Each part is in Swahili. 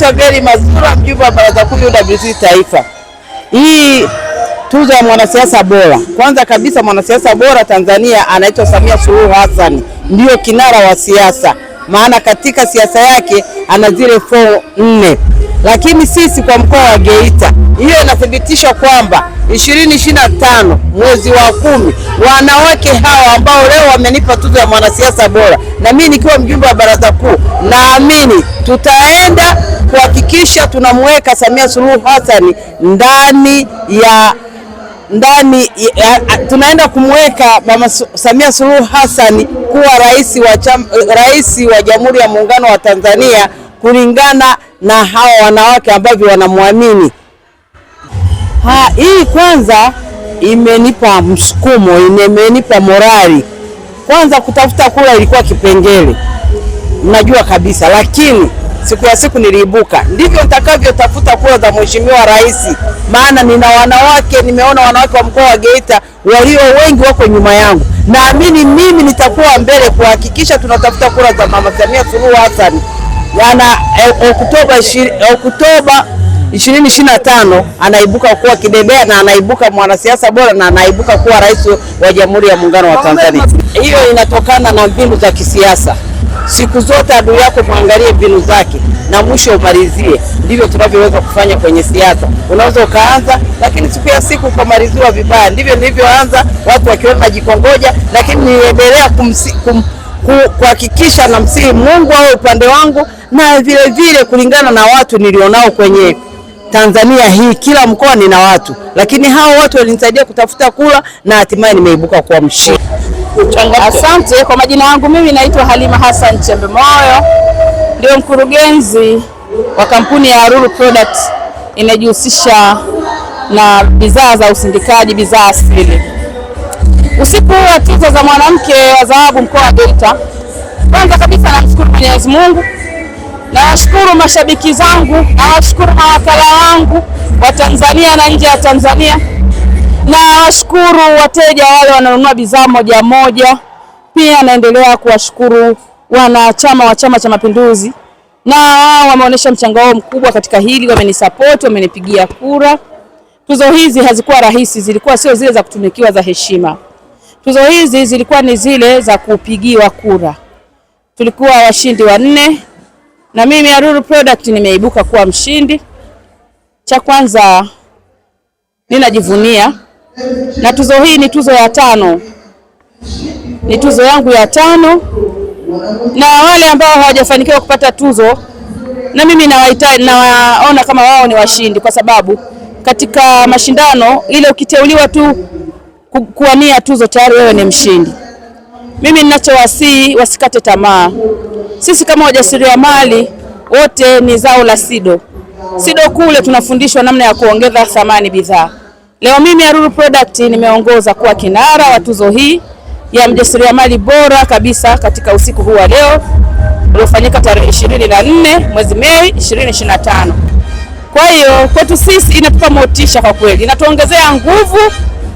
Naitwa Veri Mazura, mjumbe wa baraza kuu UWT Taifa. Hii tuzo ya mwanasiasa bora, kwanza kabisa mwanasiasa bora Tanzania anaitwa Samia Suluhu Hassan, ndiyo kinara wa siasa, maana katika siasa yake ana zile fomu nne. Lakini sisi kwa mkoa wa Geita, hiyo inathibitishwa kwamba ishirini tano mwezi wa kumi, wanawake hawa ambao leo wamenipa tuzo ya mwanasiasa bora, na mimi nikiwa mjumbe wa baraza kuu, naamini tutaenda kuhakikisha tunamweka Samia Suluhu Hassan ndani ya ndani ya, tunaenda kumweka Mama Samia Suluhu Hassan kuwa rais wa, rais wa Jamhuri ya Muungano wa Tanzania kulingana na hawa wanawake ambavyo wanamwamini. Ha, hii kwanza imenipa msukumo, imenipa morali. Kwanza kutafuta kula ilikuwa kipengele, mnajua kabisa, lakini siku ya siku niliibuka, ndivyo nitakavyotafuta kura za mheshimiwa rais, maana nina wanawake, nimeona wanawake wa mkoa wa Geita walio wengi wako nyuma yangu. Naamini mimi nitakuwa mbele kuhakikisha tunatafuta kura za mama Samia Suluhu Hassan yana 20 eh, Oktoba ishirini na tano anaibuka kuwa kidedea na anaibuka mwanasiasa bora na anaibuka kuwa rais wa Jamhuri ya Muungano wa Tanzania. Hiyo inatokana na mbinu za kisiasa. Siku zote adui yako mwangalie mbinu zake na mwisho umalizie. Ndivyo tunavyoweza kufanya kwenye siasa. Unaweza ukaanza, lakini siku ya siku ukamaliziwa vibaya. Ndivyo nilivyoanza, watu wakiona jikongoja lakini niendelea kuhakikisha na msii Mungu au upande wangu na vilevile kulingana na watu nilionao kwenye Tanzania hii kila mkoa nina watu, lakini hao watu walinisaidia kutafuta kula na hatimaye nimeibuka kuwa mshindi. Asante. Kwa majina yangu mimi naitwa Halima Hassan Chembe Moyo, ndio mkurugenzi wa kampuni ya Aruru Product inajihusisha na bidhaa za usindikaji bidhaa asili. Usiku wa tuzo za mwanamke wa dhahabu mkoa wa Geita, kwanza kabisa namshukuru Mwenyezi Mungu Nawashukuru mashabiki zangu, nawashukuru mawakala wangu wa Tanzania na nje ya Tanzania, nawashukuru wateja wale wananunua bidhaa moja moja. Pia naendelea kuwashukuru wanachama wa Chama cha Mapinduzi, na wameonyesha mchango wao mkubwa katika hili, wamenisapoti, wamenipigia kura. Tuzo hizi hazikuwa rahisi, zilikuwa sio zile za kutumikiwa za heshima. Tuzo hizi zilikuwa ni zile za kupigiwa kura. Tulikuwa washindi wanne na mimi Aruru Product nimeibuka kuwa mshindi. Cha kwanza ninajivunia, na tuzo hii ni tuzo ya tano, ni tuzo yangu ya tano, na wale ambao hawajafanikiwa kupata tuzo na mimi nawaita nawaona kama wao ni washindi, kwa sababu katika mashindano ile ukiteuliwa tu kuwania tuzo tayari wewe ni mshindi. Mimi ninachowasii wasikate tamaa. Sisi kama wajasiriamali wote ni zao la SIDO. SIDO kule tunafundishwa namna ya kuongeza thamani bidhaa. Leo mimi Aruru Product nimeongoza kuwa kinara wa tuzo hii ya mjasiriamali bora kabisa katika usiku huu wa leo uliofanyika tarehe 24 mwezi Mei 2025. Kwa hiyo kwetu sisi inatupa motisha kwa kweli, inatuongezea nguvu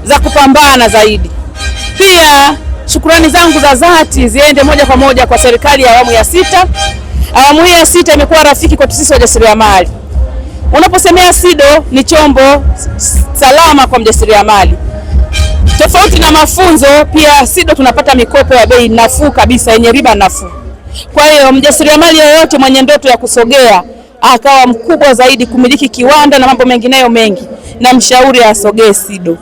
za kupambana zaidi pia Shukrani zangu za dhati ziende moja kwa moja kwa serikali ya awamu ya sita. Awamu hii ya sita imekuwa rafiki kwa sisi wajasiriamali. Unaposemea SIDO ni chombo salama kwa mjasiriamali, tofauti na mafunzo. Pia SIDO tunapata mikopo ya bei nafuu kabisa yenye riba nafuu. Kwa hiyo mjasiriamali yoyote mwenye ndoto ya kusogea akawa mkubwa zaidi, kumiliki kiwanda na mambo mengineyo mengi, na mshauri asogee SIDO.